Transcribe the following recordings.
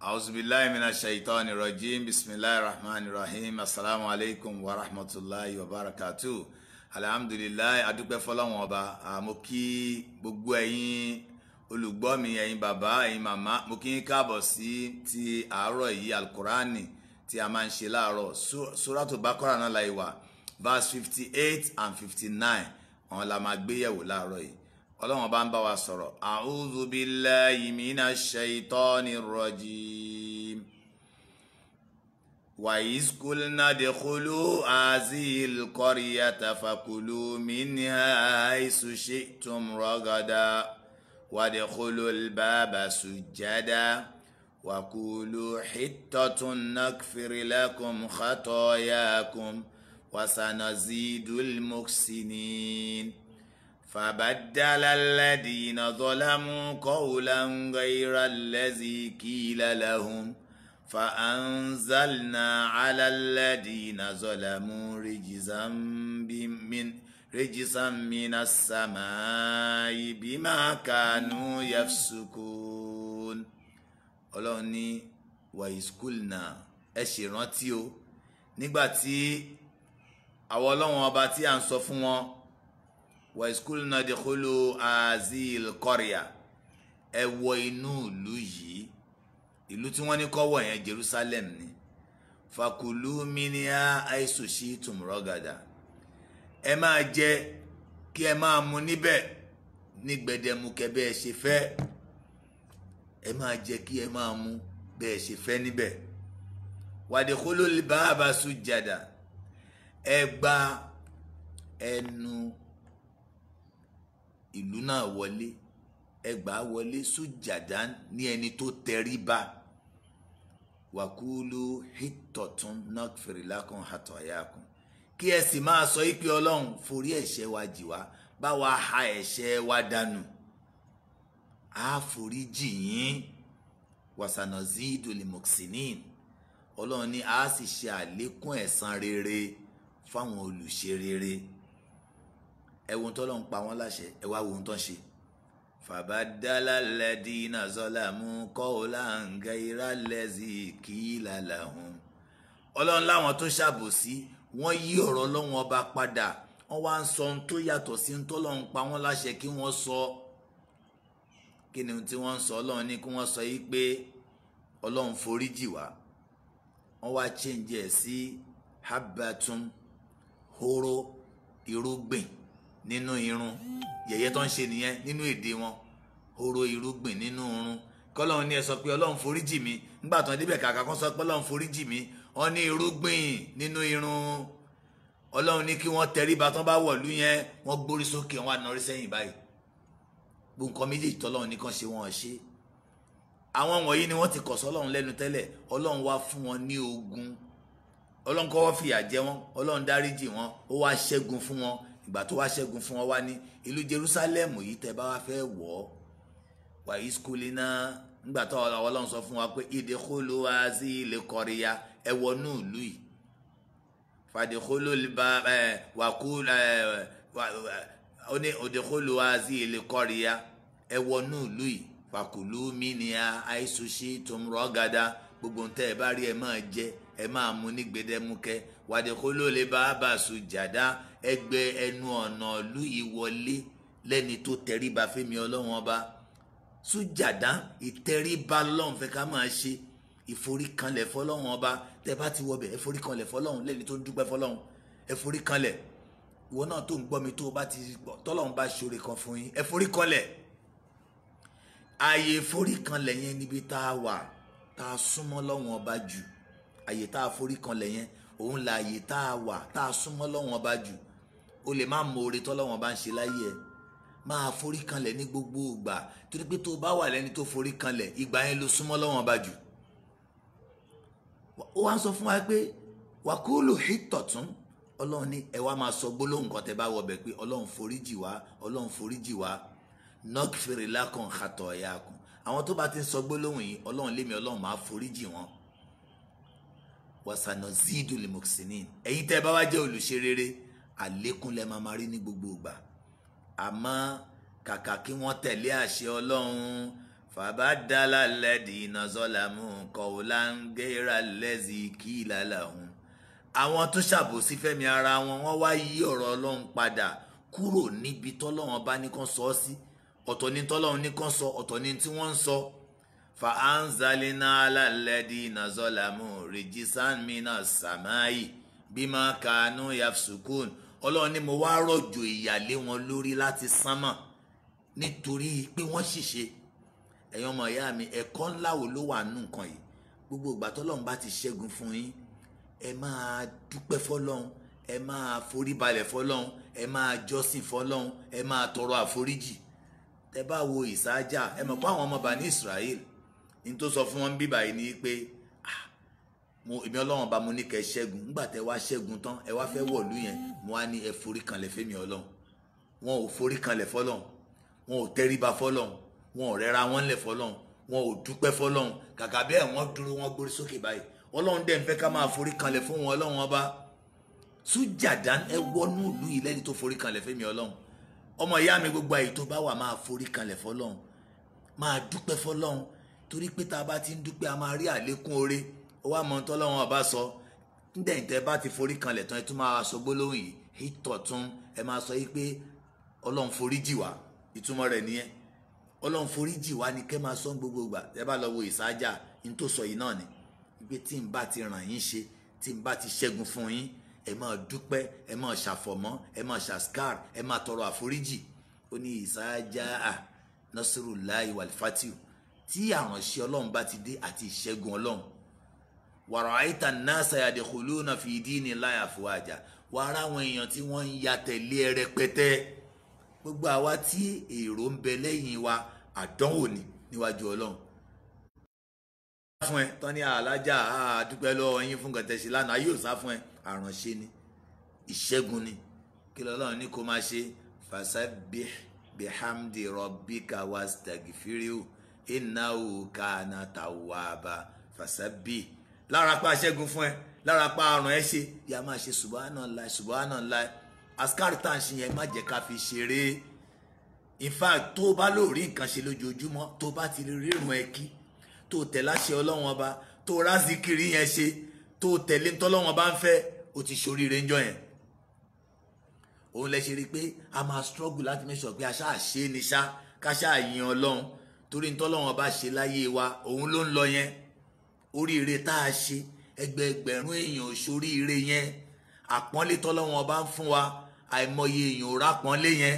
auzubillahi mina shaitani rajim bisimilahi rahman rahim asalaamu alaykum wa rahmatulahi wa barakatu alhamdulilayi adúpẹ́ fọlọ́wọ́n ọba àmọ́ kí gbogbo ẹ̀yin olùgbọ́ mi ẹ̀yin bàbá ẹ̀yin màmá mo kí n káàbọ̀ sí ti àárọ̀ yìí alukurani tí a máa ń ṣe láàárọ̀ suratu bakora náà verse fifty eight and fifty nine ọ̀hún la máa gbéyẹ̀wò láàárọ̀ yìí ọlọ́run bá ń bá wa sọ̀rọ̀ a'udhu billahi minash shaitani rrajim wa iz qulna dkhulu azil qaryata fakulu minha haythu shi'tum ragada wadkhulu albaba sujjada wakulu hittatun nakfir فبدل الذين ظلموا قولا غير الذي قيل لهم فأنزلنا على الذين ظلموا رجزا من رجزا من السماء بما كانوا يفسقون ọlọ́run ní wàhíṣkúlnà ẹ ṣèrántí o nígbà tí àwọn ọlọ́run ọba tí à ń sọ fún wọn wa iskulna dikulu azil kọrìà ẹ wọ inú ìlú yìí ìlú tí wọ́n ní kọ́wọ́ yẹn Jerusalem ni fakulu minia aisoshi tumurọgada ẹ máa jẹ kí ẹ máa mu níbẹ̀ ní gbẹdẹmukẹ bẹ ẹ ṣe fẹ́ ẹ máa jẹ kí ẹ máa mu bẹ ẹ ṣe fẹ́ níbẹ̀ wàdìkúlù bàbá sùjàdà ẹ gba ẹnu ìlú náà wọlé ẹgbàá wọlé sójàdá ní ẹni tó tẹríba wàkúlù hítọ̀tún náà fèrèlákùn àtọ̀yàkùn kí ẹ sì máa sọ ìpè ọlọ́run forí ẹ̀ṣẹ̀ wa jì wá bá wa ha ẹ̀ṣẹ̀ wa dànù á forí jì yín wàsànà zidu limoxinin ọlọ́run ni a sì ṣe àlékún ẹ̀san rere fáwọn olùṣe rere ẹ̀wọ̀n tó lọ́n pa wọ́n láṣẹ ẹ̀ wá wọ́n tó ń ṣe. fàbádàlà lẹ́dínà zọ́làmù kọ́ọ̀lá ǹgá irá lẹ́sì kíìlà làwọn. ọlọ́run láwọn tó ṣàbòsí wọ́n yí ọ̀rọ̀ ọlọ́run ọba padà wọ́n wá ń sọ ohun tó yàtọ̀ sí ohun tó lọ́n pa wọ́n láṣẹ kí wọ́n sọ. kí ni tí wọ́n ń sọ ọlọ́run ní kí wọ́n sọ yìí pé ọlọ́run forí jì wá wọ́n wá change ẹ̀ sí habbatum hóró irúgbìn nínú irun yẹ̀yẹ́ tó ń ṣe nìyẹn nínú èdè wọn horo irúgbìn nínú irun kọ́lọ́run ní ẹ sọ pé ọlọ́run foríjì mi nígbà tó ń débẹ̀ kàkà kan sọ pé ọlọ́run foríjì mi wọ́n ní irúgbìn nínú irun ọlọ́run ní kí wọ́n tẹríba tán bá wọ̀lú yẹn wọ́n gbórí sókè wọn ànárí sẹ́yìn báyìí gbogbo nǹkan méjèèjì tọ́lọ́run nìkan ṣe wọ́n ṣe àwọn wọ̀nyí ni wọ́n ti kọ̀ sọ́lọ́run lẹ́nu tẹ́lẹ̀ ọlọ́run wá fún wọn ní ogun ọlọ́run kọ́wọ́ fìyà jẹ wọn ọlọ́run dáríjì wọn ó wá ṣẹ́gun fún wọn ìgbà tó wá ṣẹ́gun fún wọn wá ní ìlú Jerusalem yìí tẹ́ bá wá fẹ́ wọ̀ ọ́ wàyí skuli náà nígbà tó Ọlọ́run sọ fún wa pé ìdíkólo wa sí ilé kọríya ẹ wọnú ìlú yìí fàdíkólo bá ẹ wàkú ẹ ó ní ìdíkólo wa sí ilé kọríya ẹ wọnú ìlú yìí fàkùlù mí ni a àìsùn sí tòmùrọ̀ gada gbogbo ntẹ́ ẹ bá rí ẹ máa jẹ ẹ máa mu ní gbẹdẹmukẹ́ wàdíkóló lè bá bá sùjàdá ẹgbẹ́ ẹnu ọ̀nà ìlú ìwọlé lẹ́ni tó tẹríba fẹ́mi ọlọ́run ọba sùjàdá ìtẹríba lọ́hùn fẹ́ ká máa ṣe ìforíkanlẹ̀ fọlọ́hùn ọba tẹ bá ti wọbẹ̀ ẹforíkanlẹ̀ fọlọ́hùn lẹ́ni tó ń dúpẹ́ fọlọ́hùn ẹforíkanlẹ̀ ìwọ náà tó ń gbọ́ mi tó o bá ti gbọ́ tọ́lọ́hùn bá ṣoore kan fún yín ẹforíkanlẹ̀ ààyè ìforíkanlẹ̀ yẹn níbi tá a wà tá a súnmọ́ lọ́hùn ọba jù ààyè tá a foríkanlẹ̀ yẹn òun láàyè tá a wà tá a súnmọ́ lọ́wọ́n bá jù o lè má mọ tọ́lọ́wọ́n bá ń ṣe láyé ẹ máa forí kanlẹ̀ ní gbogbo ìgbà torí pé tó bá wà lẹ́ni tó forí kanlẹ̀ ìgbà yẹn ló súnmọ́ lọ́wọ́n bá jù ó wá sọ fún wa pé wàkúùlù hìtọ̀tún ọlọ́run ní ẹ wá máa sọ gbólóhùn kan tẹ bá wọ bẹ̀ pé ọlọ́run foríjì wá ọlọ́run foríjì wá nọ́ọ̀kì fèrè lákàn àtọ̀ ẹ̀yà kan àwọn tó bá ti ń sọ gbólóhùn yìí ọlọ́run lémi ọlọ́run máa foríjì wọn wasana zidu limokisinin ẹ̀yin tẹ́ bá wá jẹ́ olùṣe rere àlékún lẹ máa máa rí ní gbogbo ìgbà àmọ́ kàkà kí wọ́n tẹ̀lé àṣẹ Ọlọ́run fàbádàlà lẹ́dí nàzọ́làmù kọ̀ọ̀láńgẹ́rà lẹ́sì kí ìlàlà òun àwọn tó ṣàbòsí fẹ́mi ara wọn wọ́n wá yí ọ̀rọ̀ Ọlọ́run padà kúrò níbi tọ́lọ́run bá ní kán sọ ọ́ sí ọ̀tọ̀ ní tọ́lọ́run ní kán sọ ọ̀tọ̀ ní tí wọ́n ń sọ. So fa anzalina alalẹ́dí nazọ́làmù rìjísàn mina sàmáì bímọ kanu yafsukun ọlọ́run ni mo wá rọ̀jò ìyàlé wọn lórí láti sánmọ̀ nítorí pé wọ́n ṣìṣe ẹ̀yin ọmọ ìyá mi ẹ̀kọ́ ńlá wo ló wà nù nǹkan yìí gbogbo ìgbà tọ́lọ́run bá ti ṣẹ́gun fún yín ẹ máa dúpẹ́ fọlọ́run ẹ máa foríbalẹ̀ fọlọ́run ẹ máa jọ́sìn fọlọ́run ẹ máa tọrọ àforíjì tẹ bá wo ìsáájà ẹ mọ̀ pé àwọn ọmọ bá ní Israel ní tó sọ fún wọn bí báyìí ni pé ah, mo èmi ọlọ́run bá mo ní kẹ́ ṣẹ́gun nígbà tẹ́ wá ṣẹ́gun tán ẹ wá fẹ́ wọ̀lú yẹn mo wá ní ẹ forí kanlẹ̀ fẹ́mi ọlọ́run wọn ò forí kanlẹ̀ fọlọ́run wọn ò tẹríba fọlọ́run wọn ò rẹ́ra wọn lẹ̀ fọlọ́run wọn ò dúpẹ́ fọlọ́run kàkà bẹ́ẹ̀ wọ́n dúró wọ́n gbórí sókè báyìí ọlọ́run dẹ̀ ń fẹ́ ká máa forí kanlẹ̀ fún wọn ọlọ́run ọba sùjàdán ẹ wọnú ìlú yìí lẹ́ni tó forí kanlẹ̀ fẹ́mi ọlọ́run ọmọ ìyá mi gbogbo àyè tó bá wà máa forí kanlẹ̀ fọlọ́run máa dúpẹ́ fọlọ́run torí pé tá a bá ti ń dúpẹ́ a máa rí àlékún oore ó wá mọ tọ́lọ́wọ́n ọba sọ nídẹ̀yìn tẹ́ bá ti forí kanlẹ̀ tán ẹ tún máa sọ gbólóhùn yìí ìtọ̀ tún ẹ máa sọ yìí pé ọlọ́run forí jì wá ìtumọ̀ rẹ̀ nìyẹn ọlọ́run forí jì wá ni kẹ́ máa sọ gbogbo ìgbà ẹ bá lọ wo ìsájà ní tó sọ yìí náà ni pé tí n bá ti ràn yín ṣe tí n bá ti ṣẹ́gun fún yín ẹ máa dúpẹ́ ẹ máa ṣàfọ̀mọ́ ẹ máa ṣàskar ẹ máa tọrọ àforíjì ó ní ìsájà nasrullahi wal fatiu tí àránṣẹ́ ọlọ́run bá ti dé àti ìṣẹ́gun ọlọ́run wàrà àìtà nàásà yadkhuluna fi dinillahi afwaja wàrà àwọn èèyàn tí wọ́n ń ya tẹ̀lé rẹpẹtẹ gbogbo àwa tí èrò ń bẹ lẹ́yìn wa àdánwò ni níwájú ọlọ́run. fún ẹ tán ní alájà àdúpẹ́ lọ́wọ́ yín fún gàtẹ́sí lánàá yóò sá fún ẹ àránṣẹ́ ni ìṣẹ́gun ni kí lọ́lọ́run ní kó máa ṣe fasabbih bihamdi rabbika wastagfirihu innahu kana tawwaba fasabbih lára pa aṣẹ́gun fún ẹ lára pa àrùn ẹ ṣe yà máa ṣe subhanallah subhanallah askari tá à ń ṣe yẹn má jẹ́ ká fi ṣeré in fact tó o bá lóò rí nǹkan ṣe lójoojúmọ́ tó o bá ti rírun ẹ kí tó o tẹ̀ láṣẹ ọlọ́wọ́n ọba tó o rázikiri yẹn ṣe tó o tẹ̀lé ntọ́lọ́wọ́n bá ń fẹ́ o ti ṣoríire ńjọ yẹn òun lẹ ṣe rí i pé a máa struggle láti make sure pé a ṣáà ṣe é ní ṣá ká ṣáà yin ọlọ́run torí ntọ́lọ́wọ́n bá ṣe láyé wa òun ló ń lọ yẹn oríire tá a ṣe ẹgbẹẹgbẹ̀rún èèyàn ṣoríire yẹn àpọ́nlé tọ́lọ́wọ́n bá ń fún wa àìmọye èèyàn ò rápọ́nlé yẹn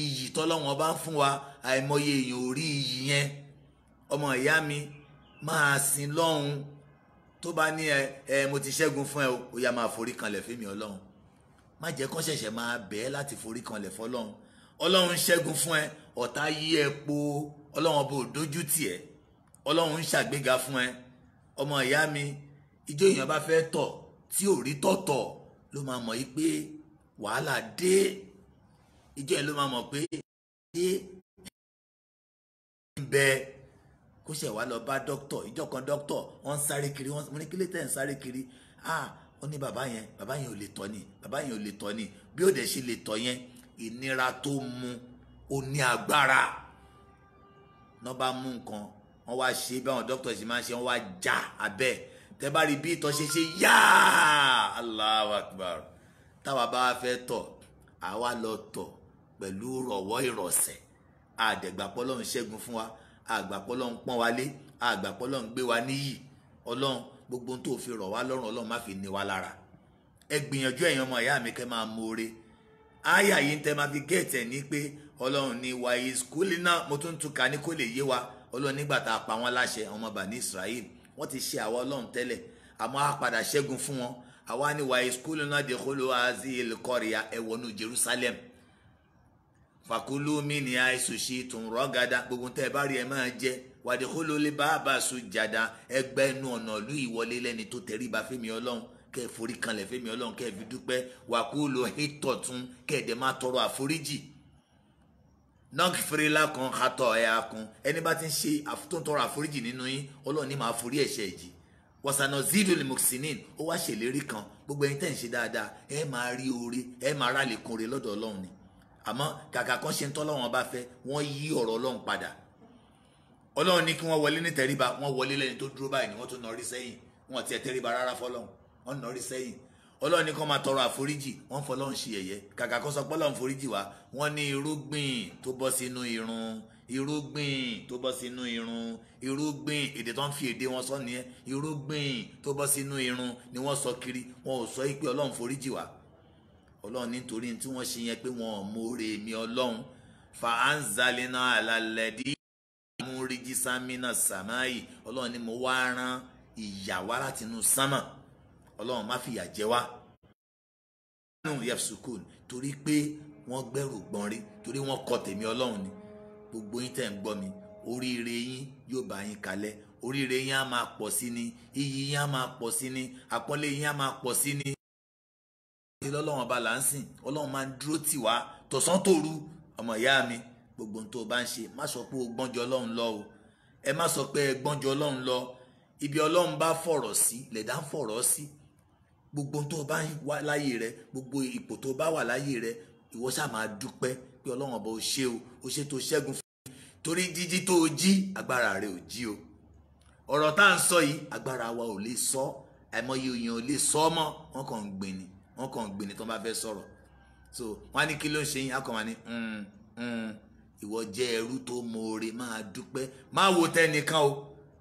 iyì tọ́lọ́wọ́n bá ń fún wa àìmọye èèyàn ò rí iyì yẹn ọmọ ìyá mi máa sin lọ́hùn tó bá ní ẹ mo ti ṣẹ́gun fún ẹ o yá máa forí kanlẹ̀ fún mi ọlọ́run má jẹ́ kán ṣẹ̀ṣẹ̀ máa bẹ̀ẹ́ láti forí kanlẹ̀ fọlọ́run ọlọ́run ṣẹ́gun fún ẹ ọ̀tá yí ẹ po ọlọ́run bò dójú tì ẹ́ ọlọ́run ń ṣàgbéga fún ẹ ọmọ ìyá mi ìjọ èèyàn bá fẹ́ tọ̀ tí ò rí tọ̀tọ̀ ló máa mọ̀ yìí pé wàhálà dé ìjọ yẹn ló máa mọ̀ pé dé ń bẹ kó ṣe wá lọ bá dókítọ̀ ìjọ kan dókítọ̀ wọ́n ń sáré kiri wọ́n ní kílé tẹ̀ ń sáré kiri ah ó ní bàbá yẹn bàbá yẹn ò lè tọ̀ ni bàbá yẹn ò lè tọ̀ ni bí ó dẹ̀ ṣe lè tọ̀ yẹn ìnira tó mu ó ní agbára náà bá mú nǹkan wọ́n wá ṣe bí àwọn dókítà ṣe máa ń ṣe wọ́n wá já abẹ́ tẹ́ bá rí bí ìtọ̀ ṣe ṣe yá Allahu Akbar táwa bá wá fẹ́ tọ̀ àwa lọ tọ̀ pẹ̀lú rọ̀wọ́ ìrọ̀sẹ̀ àdẹ̀gbàpọ̀ lọ́n ṣẹ́gun fún wa àgbàpọ̀ lọ́n pọ́n wa lé àgbàpọ̀ lọ́n gbé wa níyì ọlọ́run gbogbo tó fi rọ̀ wá lọ́rùn ọlọ́run má fi ní wa lára ẹ gbìyànjú ẹ̀yin ọmọ ìyá mi kẹ́ máa mú ore áyà yìí ń tẹ́ máa fi gẹ̀ẹ́tẹ̀ ní pé ọlọ́run ni wa iskulina mo tún tún ka ní kó lè yé wa ọlọ́run nígbà tá a pa wọ́n láṣẹ ọmọ bàní Israel wọ́n ti ṣe àwa ọlọ́run tẹ́lẹ̀ àmọ́ a padà ṣẹ́gun fún wọn àwa ní wa iskulina dèkolo azil kọ́ríya ẹ̀wọ̀nù Jerusalem fàkúlù mi ní àìsùn ṣe tún rọ́gàdá gbogbo tẹ́ ẹ bá rí ẹ máa jẹ wàdíkóló lè bá a bá a sùn jàdá ẹgbẹ́ inú ọ̀nà ìlú ìwọlé lẹ́ni tó tẹríba fẹ́mi ọlọ́run kẹ́ ẹ forí kanlẹ̀ fẹ́mi ọlọ́run kẹ́ ẹ fi dúpẹ́ wàkúlù hitọ̀ tún kẹ́ ẹ dẹ̀ máa tọrọ àforíjì nọ́ọ̀kì fèrèlà kan atọ ẹ̀yà kan ẹni bá ti ń ṣe tó àforíjì nínú yín ọlọ́run máa forí ẹ̀ṣẹ̀ ìjì wọ̀sánà zidu limoxinin ó wá ṣèlérí kan gbogbo ẹ̀yin tẹ̀ ń ṣe dáadáa ẹ máa rí oore ẹ máa rà lẹ́kùn rẹ lọ́dọ̀ ọlọ́run ni àmọ́ kàkà kan ṣe ń tọ́ lọ́wọ́n bá fẹ́ wọ́n yí ọ̀rọ̀ ọlọ́run padà ọlọ́run ní kí wọ́n wọlé ní tẹríba wọ́n wọlé lẹ́ni tó dúró báyìí ni wọ́n tún nọrí sẹ́yìn wọ́n ti ẹ̀ tẹríba rárá fọlọ́run wọ́n nọrí sẹ́yìn ọlọ́run ní kó máa tọrọ àforíjì wọ́n fọlọ́run ṣe yẹ̀yẹ́ kàkà kó sọ pọ́lọ́run foríjì wá wọ́n ní irúgbìn tó bọ́ sínú irun irúgbìn tó bọ́ sínú irun irúgbìn èdè tó ń fi èdè wọn sọ nìyẹn irúgbìn tó bọ́ sínú irun ni wọ́n sọ kiri wọn ò sọ pé ọlọ́run foríjì wá ọlọ́run nítorí tí wọ́n ṣe yẹn pé wọn ò mórè mi ọlọ́run fa anzalina alalẹ́dí amúríjísámínà sàmáì ọlọ́run ni mo wá rán ìyà wá látinú sánmà ọlọ́run má fìyà jẹ wá. nínú yefsukun torí pé wọ́n gbẹ́rù gbọ́n rí torí wọ́n kọ tèmi ọlọ́run ni gbogbo yín tẹ̀ ń gbọ́ mi oríire yín yóò bá yín kalẹ̀ oríire yín á máa pọ̀ sí ni iyì yín á máa pọ̀ sí ni àpọ́nlé yín á máa pọ̀ sí ni. ilé ọlọ́run ọba là ń sìn ọlọ́run máa ń dúró tì wá tọ̀sán tòru ọmọ ìyá mi gbogbo tó o bá ń ṣe má sọ pé o gbọ́njọ ọlọ́run lọ o ẹ má sọ pé ẹ gbọ́njọ ọlọ́run lọ ibi ọlọ́run bá fọ̀rọ̀ sí lẹ̀dá ń fọ̀rọ̀ sí gbogbo tó o bá wà láyé rẹ gbogbo ipò tó o bá wà láyé rẹ ìwọ ṣáà máa dúpẹ́ pé ọlọ́run ọba o ṣe o o ṣe tó ṣẹ́gun fún mi torí jíjí tó jí agbára rẹ ò jí o ọ̀rọ̀ tá à ń sọ yìí agbára wa ò lè sọ àìmọye èèyàn ò lè sọ mọ́ wọ́n kàn ń gbìn ni wọ́n kàn ń gbìn ni tó bá fẹ́ sọ̀rọ̀ so wọ́n á ní kí ló ń ṣe yín akọ̀ máa ní ìwọ jẹ́ ẹrú tó mọ̀ọ́re máa dúpẹ́ má wo tẹnìkan o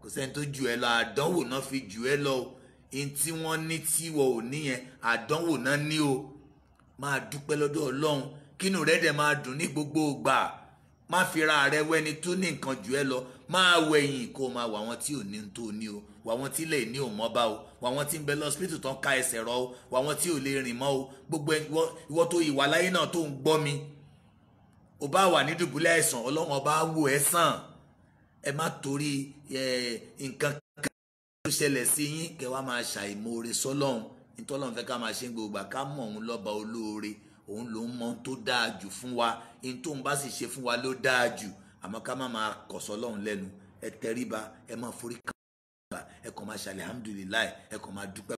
kò sẹ́ni tó jù ẹ lọ àdánwò náà fi jù ẹ lọ o in tí wọ́n ní tí wọ́n ò ní yẹn àdánwò náà ní o máa dúpẹ́ lọ́dọ̀ ọlọ́run kínú rẹ dẹ̀ máa dùn ní gbogbo ìgbà má fi ra rẹ wẹni tó ní nǹkan jù ẹ lọ máa wẹ̀yìn kó máa wà wọn tí ò ní tó ní o wà wọn tí lè ní ò mọ́ bá o wà wọn tí ń bẹ lọ́sípítù tán ká ẹsẹ̀ rọ o wà wọn tí ò lè rìn mọ́ o gbogbo ìwọ tó ìwà láyé náà tó ń gbọ́ mi ò bá wà ní dùbúlẹ̀ àìsàn ọlọ́run ọba wò ẹ́ sàn ẹ má torí nǹkan ló ṣẹlẹ̀ sí yín kẹ wá máa ṣàìmoore sọ́lọ́run nítọ́lọ́run fẹ́ ká máa ṣe ń gbogbo ká mọ̀ òun lọ́ba olóore òun ló ń mọ tó dáa jù fún wa ní tóun bá sì ṣe fún wa ló dáa jù àmọ́ ká má máa kọ̀ sọ́lọ́run lẹ́nu ẹ tẹríba ẹ máa forí kàn ẹ kàn máa ṣàlẹ̀ alhamdulilayi ẹ kàn máa dúpẹ́.